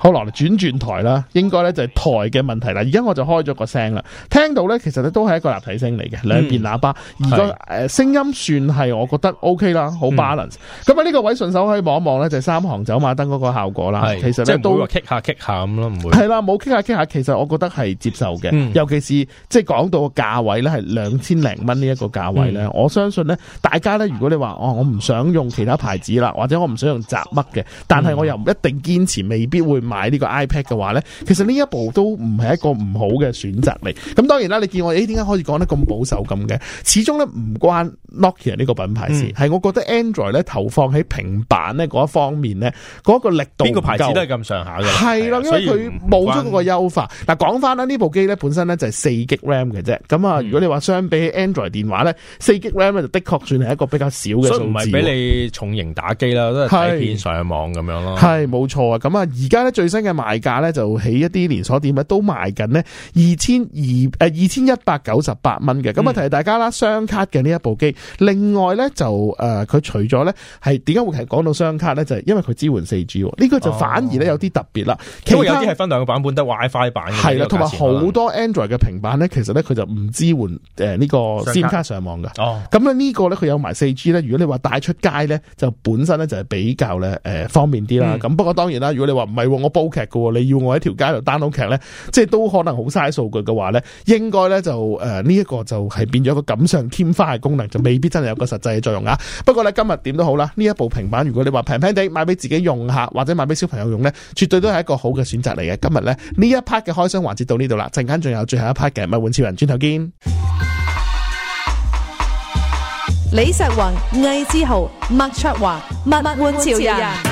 好喇，轉轉台啦，應該咧就係台嘅問題啦。而家我就開咗個聲啦，聽到咧其實咧都係一個立體聲嚟嘅，兩邊喇叭，嗯、而個誒聲的、呃、音算係我覺得 OK 啦，好 balance。咁啊呢個位順手可以望一望咧，就係、三行走馬燈嗰個效果啦。的其實咧都會傾下傾下咁咯，唔會係啦，冇傾下傾下，其實我覺得係接受嘅，嗯、尤其是即係講到價個價位咧，係兩千零蚊呢一個價位咧，我相信咧大家咧，如果你話哦，我唔想用其他牌子啦，或者我唔想用雜乜嘅，但係我又唔、嗯、一定堅持，未必會。買呢個 iPad 嘅話咧，其實呢一部都唔係一個唔好嘅選擇嚟。咁當然啦，你見我誒，點、欸、解可以講得咁保守咁嘅？始終咧唔關 Nokia、ok、呢個品牌事，係、嗯、我覺得 Android 咧投放喺平板咧嗰一方面咧，嗰、那、一個力度邊個牌子都係咁上下嘅，係啦，因為佢冇咗嗰個優化。嗱，講翻啦，呢部機咧本身咧就係四 GB RAM 嘅啫。咁啊、嗯，如果你話相比起 Android 電話咧，四 GB RAM 咧就的確算係一個比較少嘅數字。所以唔係俾你重型打機啦，都係睇片上網咁樣咯。係冇錯啊。咁啊，而家咧。最新嘅賣價咧就喺一啲連鎖店咧都賣緊呢，二千二誒二千一百九十八蚊嘅，咁啊、嗯、提大家啦，雙卡嘅呢一部機，另外咧就誒佢除咗咧係點解會係講到雙卡咧，就係、呃就是、因為佢支援四 G，呢個就反而咧有啲特別啦。哦、其他為有啲係分兩個版本，得 WiFi 版係啦，同埋好多 Android 嘅平板咧，其實咧佢就唔支援誒呢、呃這個 SIM 卡上網嘅。哦，咁啊呢個咧佢有埋四 G 咧、呃嗯，如果你話帶出街咧，就本身咧就係比較咧誒方便啲啦。咁不過當然啦，如果你話唔係煲劇嘅，你要我喺條街度 download 劇呢？即係都可能好嘥數據嘅話呢，應該呢就誒呢、呃這個、一個就係變咗個錦上添花嘅功能，就未必真係有個實際嘅作用啊。不過呢，今日點都好啦，呢一部平板如果你話平平哋買俾自己用下，或者買俾小朋友用呢，絕對都係一個好嘅選擇嚟嘅。今日呢，呢一 part 嘅開箱環節到呢度啦，陣間仲有最後一 part 嘅物玩潮人，轉頭見。李石雲、魏之豪、麥卓華、物玩潮人。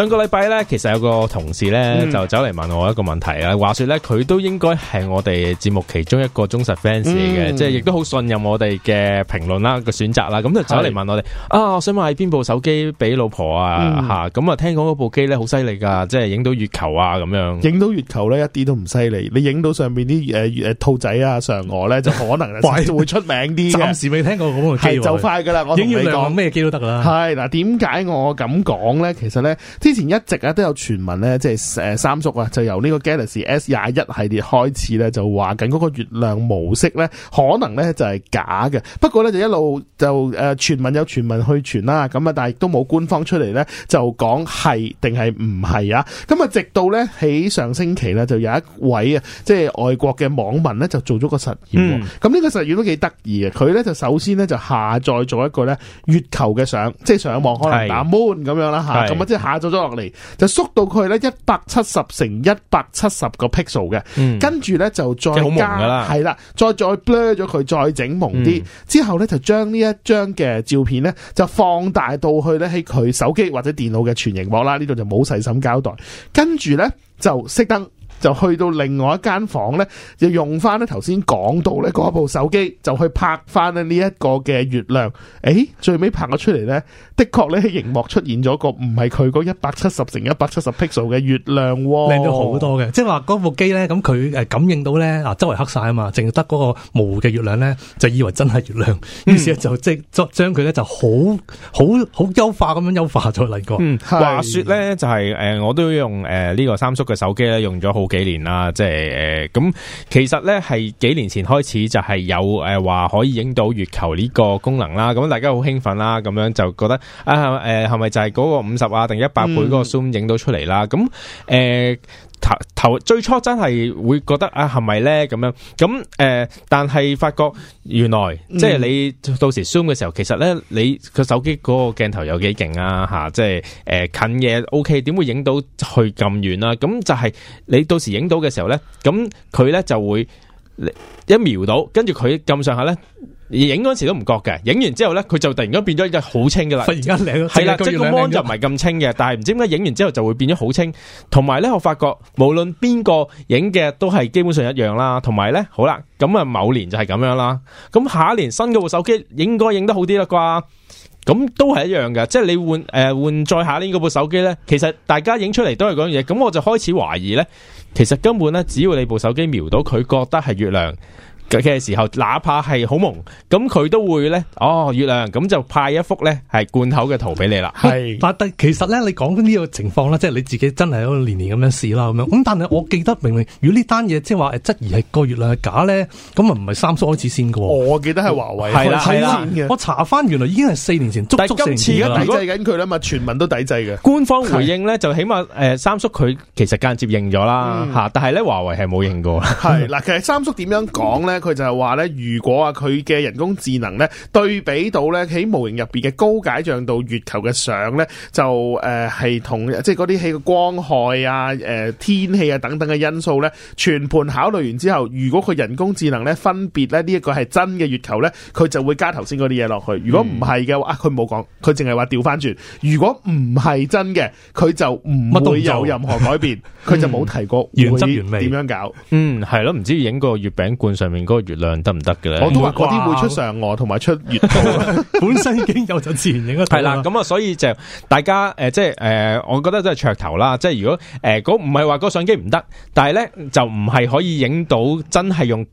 上個禮拜咧，其實有個同事咧就走嚟問我一個問題啦。話說咧，佢都應該係我哋節目其中一個忠實 fans 嘅，即係亦都好信任我哋嘅評論啦、個選擇啦。咁就走嚟問我哋：啊，我想買邊部手機俾老婆啊？吓，咁啊，聽講嗰部機咧好犀利噶，即係影到月球啊咁樣。影到月球咧一啲都唔犀利，你影到上面啲誒誒兔仔啊、嫦娥咧就可能快就會出名啲。暫時未聽過嗰部機。係就快噶啦，我同你講咩機都得啦。係嗱，點解我咁講咧？其實咧。之前一直啊都有傳聞咧，即係誒三叔啊，就由呢個 Galaxy S 廿一系列開始咧，就話緊個月亮模式咧，可能咧就係假嘅。不過咧就一路就誒傳聞有傳聞去傳啦，咁啊，但係都冇官方出嚟,咧，就講係定係唔係啊？咁啊，直到咧喺上星期咧，就有一位啊，即係外國嘅網民咧，就做咗個實驗，嗯。咁呢個實驗都幾得意嘅，佢咧就首先咧就下載咗一個咧月球嘅相，即係上網可能打 Moon 咁樣啦吓，咁啊即係下載。咗落嚟就縮到佢咧一百七十乘一百七十個 pixel 嘅，嗯，跟住咧就再加係啦，再再 blur 咗佢，再整蒙啲、嗯、之後咧就將呢一張嘅照片咧就放大到去咧喺佢手機或者電腦嘅全螢幕啦，呢度就冇細心交代，跟住咧就熄燈。就去到另外一間房咧，就用翻咧頭先講到咧一部手機就去拍翻咧呢一個嘅月亮。誒、欸、最尾拍咗出嚟咧，的確咧熒幕出現咗個唔係佢個一百七十乘一百七十 pixel 嘅月亮喎、哦，靚咗好多嘅。即係話部機咧，咁佢誒感應到咧啊周圍黑晒啊嘛，淨係得個模糊嘅月亮咧，就以為真係月亮，於、嗯、是就即將佢咧就好好好優化咁樣優化咗嚟個嗯，話說説咧就係、是、誒、呃、我都用誒呢、呃這個三叔嘅手機咧，用咗好。幾年啦，即係誒，咁其實呢，係幾年前開始就係有誒話可以影到月球呢個功能啦，咁大家好興奮啦，咁樣就覺得啊誒，係咪就係嗰個五十啊定一百倍嗰個 zoom 影到出嚟啦？咁誒。頭最初真係會覺得啊，係咪呢？咁樣？咁、呃、誒，但係發覺原來、嗯、即係你到時 zoom 嘅時候，其實呢，你手機個手機嗰個鏡頭有幾勁啊吓、啊！即係誒、呃，近嘢 OK，點會影到去咁遠啦？咁就係你到時影到嘅時候呢，咁佢呢就會一瞄到，跟住佢咁上下呢。影嗰時都唔覺嘅，影完之後呢，佢就突然間變咗一個好清嘅啦。係啦，即係了個芒就唔係咁清嘅， *laughs* 但係唔知點解影完之後就會變咗好清。同埋呢，我發覺無論邊個影嘅都係基本上一樣啦。同埋呢，好啦，咁、嗯、啊某年就係咁樣啦。咁、嗯、下一年新嗰部手機影應該影得好啲啦啩？咁、嗯、都係一樣嘅，即係你換誒換再下年嗰部手機呢，其實大家影出嚟都係嗰樣嘢。咁我就開始懷疑呢，其實根本呢，只要你部手機瞄到佢覺得係月亮。嘅時候，哪怕係好蒙，咁佢都會咧，哦，月亮咁，就派一幅咧係罐頭嘅圖俾你啦。係是，但其實咧，你講緊呢個情況啦，即係你自己真係年年咁樣試啦，咁樣。咁但係我記得明明，如果呢單嘢即係話質疑係個月亮係假咧，咁啊唔係三叔開始先嘅。我記得係華為係我啦，係啦，我查翻原來已經係四年前，足足年但係今次而家抵制緊佢啦嘛，的全民都抵制嘅。官方回應咧是就起碼誒三叔佢其實間接認咗啦吓，嗯、但係咧華為係冇認過。係嗱，其實三叔點樣講咧？佢就係話咧，如果啊佢嘅人工智能咧對比到咧喺模型入邊嘅高解像度月球嘅相咧，就誒係、呃、同即係嗰啲氣嘅光害啊、誒、呃、天氣啊等等嘅因素咧，全盤考慮完之後，如果佢人工智能咧分別咧呢一個係真嘅月球咧，佢就會加頭先嗰啲嘢落去。如果唔係嘅話，佢冇講，佢淨係話調翻轉。如果唔係真嘅，佢就唔都有任何改變，佢、 *laughs* 嗯、就冇提過原汁原味點樣搞。嗯，係咯，唔知影個月餅罐上面。嗰個月亮得唔得嘅咧？我都話嗰啲會出嫦娥，同埋出月兔， *laughs* *laughs* 本身已經有就自然影得。係啦，咁、嗯、啊，所以就大家誒、呃，即係誒、呃，我覺得都係噱頭啦。即係如果誒，嗰唔係話個相機唔得，但係咧就唔係可以影到真係用。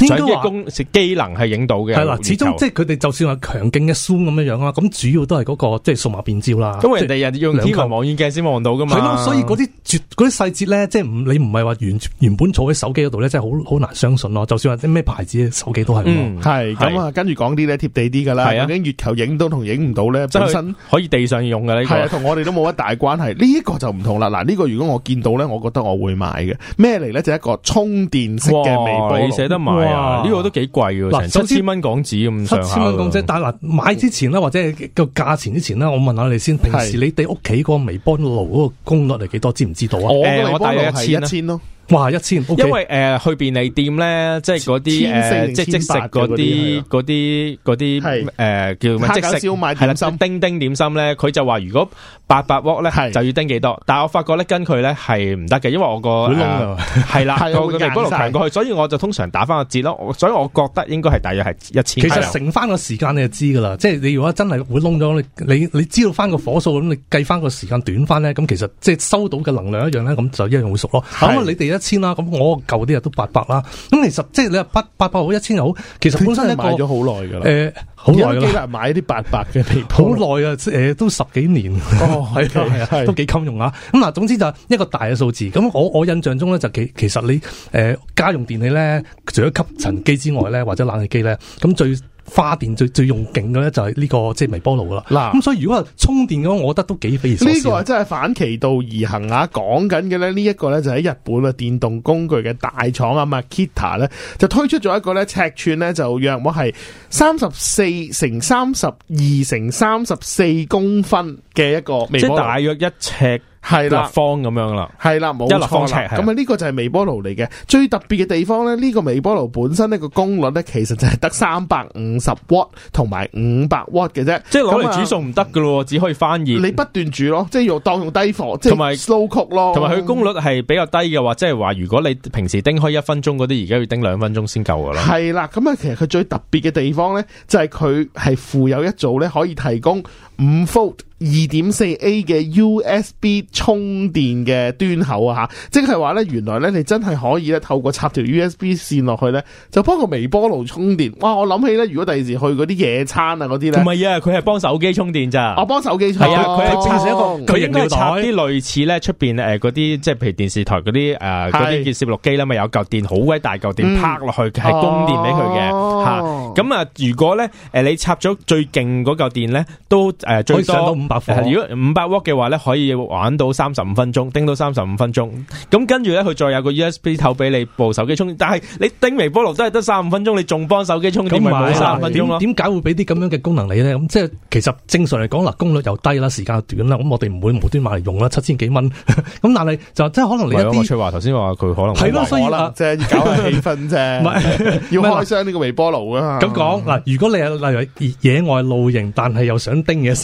應該話是機能係影到嘅，係啦，始終即係佢哋就算話強勁嘅酸咁樣樣啦，咁主要都係嗰個即係數碼變焦啦。因為第日用天文望遠鏡先望到噶嘛。係咯，所以嗰啲絕嗰啲細節咧，即係唔你唔係話原原本坐喺手機嗰度咧，真係好好難相信咯。就算話啲咩牌子嘅手機都係，嗯，係咁啊。跟住講啲咧貼地啲噶啦，究竟月球影到同影唔到咧？本身可以地上用嘅呢個係啊，同我哋都冇乜大關係。呢個就唔同啦。嗱，呢個如果我見到咧，我覺得我會買嘅咩嚟咧？就一個充電式嘅微波哇！呢個都幾貴噶，嗱啦，七千蚊港紙咁，七千蚊港紙。但嗱，買之前咧，我或者個價錢之前咧，我問下你先。是平時你哋屋企個微波爐嗰個功率係幾多？知唔知道啊？我大概一千一千咯。1 1, 哇一千，因為誒去便利店咧，即係嗰啲即即食嗰啲嗰啲啲誒叫咩即食燒賣點心叮叮點心咧，佢就話如果八百鑊咧就要叮幾多，但係我發覺咧跟佢咧係唔得嘅，因為我個爐係啦，個熱量強過，所以我就通常打翻個折咯。所以我覺得應該係大約係一千。其實剩翻個時間你就知噶啦，即係你如果真係會窿咗咧，你你知道翻個火數咁，你計翻個時間短翻咧，咁其實即係收到嘅能量一樣咧，咁就一樣好熟咯。咁啊，你哋一千啦，咁我舊啲日都八百啦，咁其實即係你話八八百好一千又好，其實本身一個你買咗好耐噶啦，誒、呃，好耐啦，買啲八百嘅皮，好耐啊，誒，都十幾年，哦、oh, okay, *laughs* 係啊係啊，都幾襟用啊，咁嗱，總之就係一個大嘅數字，咁我我印象中咧就其其實你誒、呃、家用電器咧，除咗吸塵機之外咧，或者冷氣機咧，咁最花電最最用勁嘅咧，就係呢個即係微波爐啦。嗱、啊，咁、嗯、所以如果係充電嘅話，我覺得都幾匪夷所思。呢個啊真係反其道而行啊！講緊嘅咧，呢、這、一個咧就喺日本嘅電動工具嘅大廠啊 Makita 咧，就推出咗一個咧，尺寸咧就約莫係三十四乘三十二乘三十四公分嘅一個微波爐，即大約一尺。係啦，立方咁樣係啦，係啦，冇一立方呎咁啊！呢的個就係微波爐嚟嘅，最特別嘅地方咧，呢、呢個微波爐本身呢個功率咧，其實就係得三百五十瓦同埋五百瓦嘅啫。即係攞嚟煮餸，唔得噶咯，只可以翻熱。你不斷煮咯，即係用當用低火，即係 slow cook 咯，同埋佢功率係比較低嘅話，即係話如果你平時叮開一分鐘嗰啲，而家要叮兩分鐘先夠噶啦。係啦，咁啊，其實佢最特別嘅地方咧，就係佢係附有一組咧，可以提供五 volt。二點四 A 嘅 USB 充電嘅端口啊，吓，即係話咧，原來咧你真係可以咧透過插條 USB 線落去咧，就幫個微波爐充電。哇！我諗起咧，如果第二時去嗰啲野餐啊嗰啲咧，唔係啊，佢係幫手機充電咋？我幫、哦、手機充係啊，佢一個佢、哦、應該插啲類似咧出邊誒嗰啲，即係譬如電視台嗰啲誒嗰啲攝錄機啦咪有嚿電好鬼大嚿電，插落是去係供電俾佢嘅吓。咁、嗯嗯、啊，啊，如果咧誒、呃、你插咗最勁嗰嚿電咧，都誒、呃、最多。如果五百瓦嘅話咧，可以玩到三十五分鐘，叮到三十五分鐘。咁跟住咧，佢再有個 USB 頭俾你部手機充電。但係你叮微波爐都係得三五分鐘，你仲幫手機充電咪冇三分鐘點解是會俾啲咁樣嘅功能你咧？咁即係其實正常嚟講，啦功率又低啦，時間又短啦。咁我哋唔會無端買嚟用啦，七千幾蚊。咁但係就即係可能你有句吹話，頭先話佢可能係咯，所以啦，即係們 *laughs* 搞下氣氛啫， *laughs* 要開箱呢個微波爐啊。咁講嗱，如果你係例如野外露營，但係又想叮嘢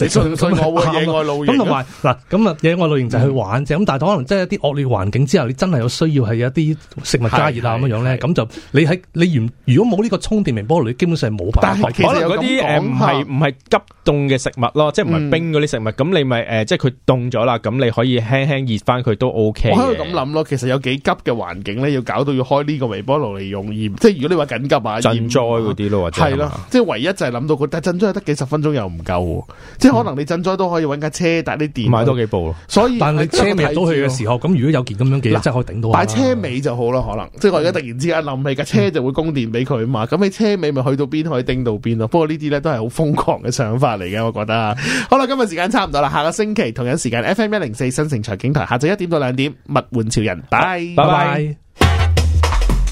野外露營，咁同埋嗱，咁啊，野外露營就去玩啫，咁，但係可能即係啲惡劣環境之後，你真係有需要係有啲食物加熱啊，咁樣樣咧，咁就你喺你如如果冇呢個充電微波爐，你基本上冇辦法。但係可能嗰啲誒唔係唔係急凍嘅食物咯，即係唔係冰嗰啲食物咁，你咪誒即係佢凍咗啦，咁你可以輕輕熱翻佢都 OK。我喺度咁諗咯，其實有幾急嘅環境咧，要搞到要開呢個微波爐嚟用熱，即係如果你話緊急啊，震災嗰啲咯，或者係咯，即係唯一就係諗到佢，但係震災得幾十分鐘又唔夠，即係可能你震災都。都可以搵架車打，但係啲電買多幾部咯。所以是，但係車尾到去嘅時候，咁如果有件咁樣嘅，真係喏可以頂到。擺車尾就好咯，可能。嗯、即係我而家突然之間諗起架車就會供電俾佢嘛。咁你、嗯、車尾咪去到邊可以叮到邊咯。不過呢啲咧都係好瘋狂嘅想法嚟嘅，我覺得。嗯、好啦，今日時間差唔多啦，下個星期同樣時間 F M 一零四新城財經台，下晝一點到兩點，物玩潮人，拜拜，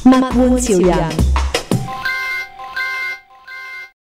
物玩潮人。